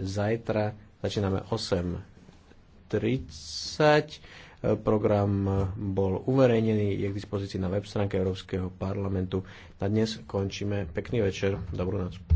Zajtra začíname 8.30. Program bol uverejnený, je k dispozícii na web stránke Európskeho parlamentu. Na dnes končíme. Pekný večer. Dobrú noc.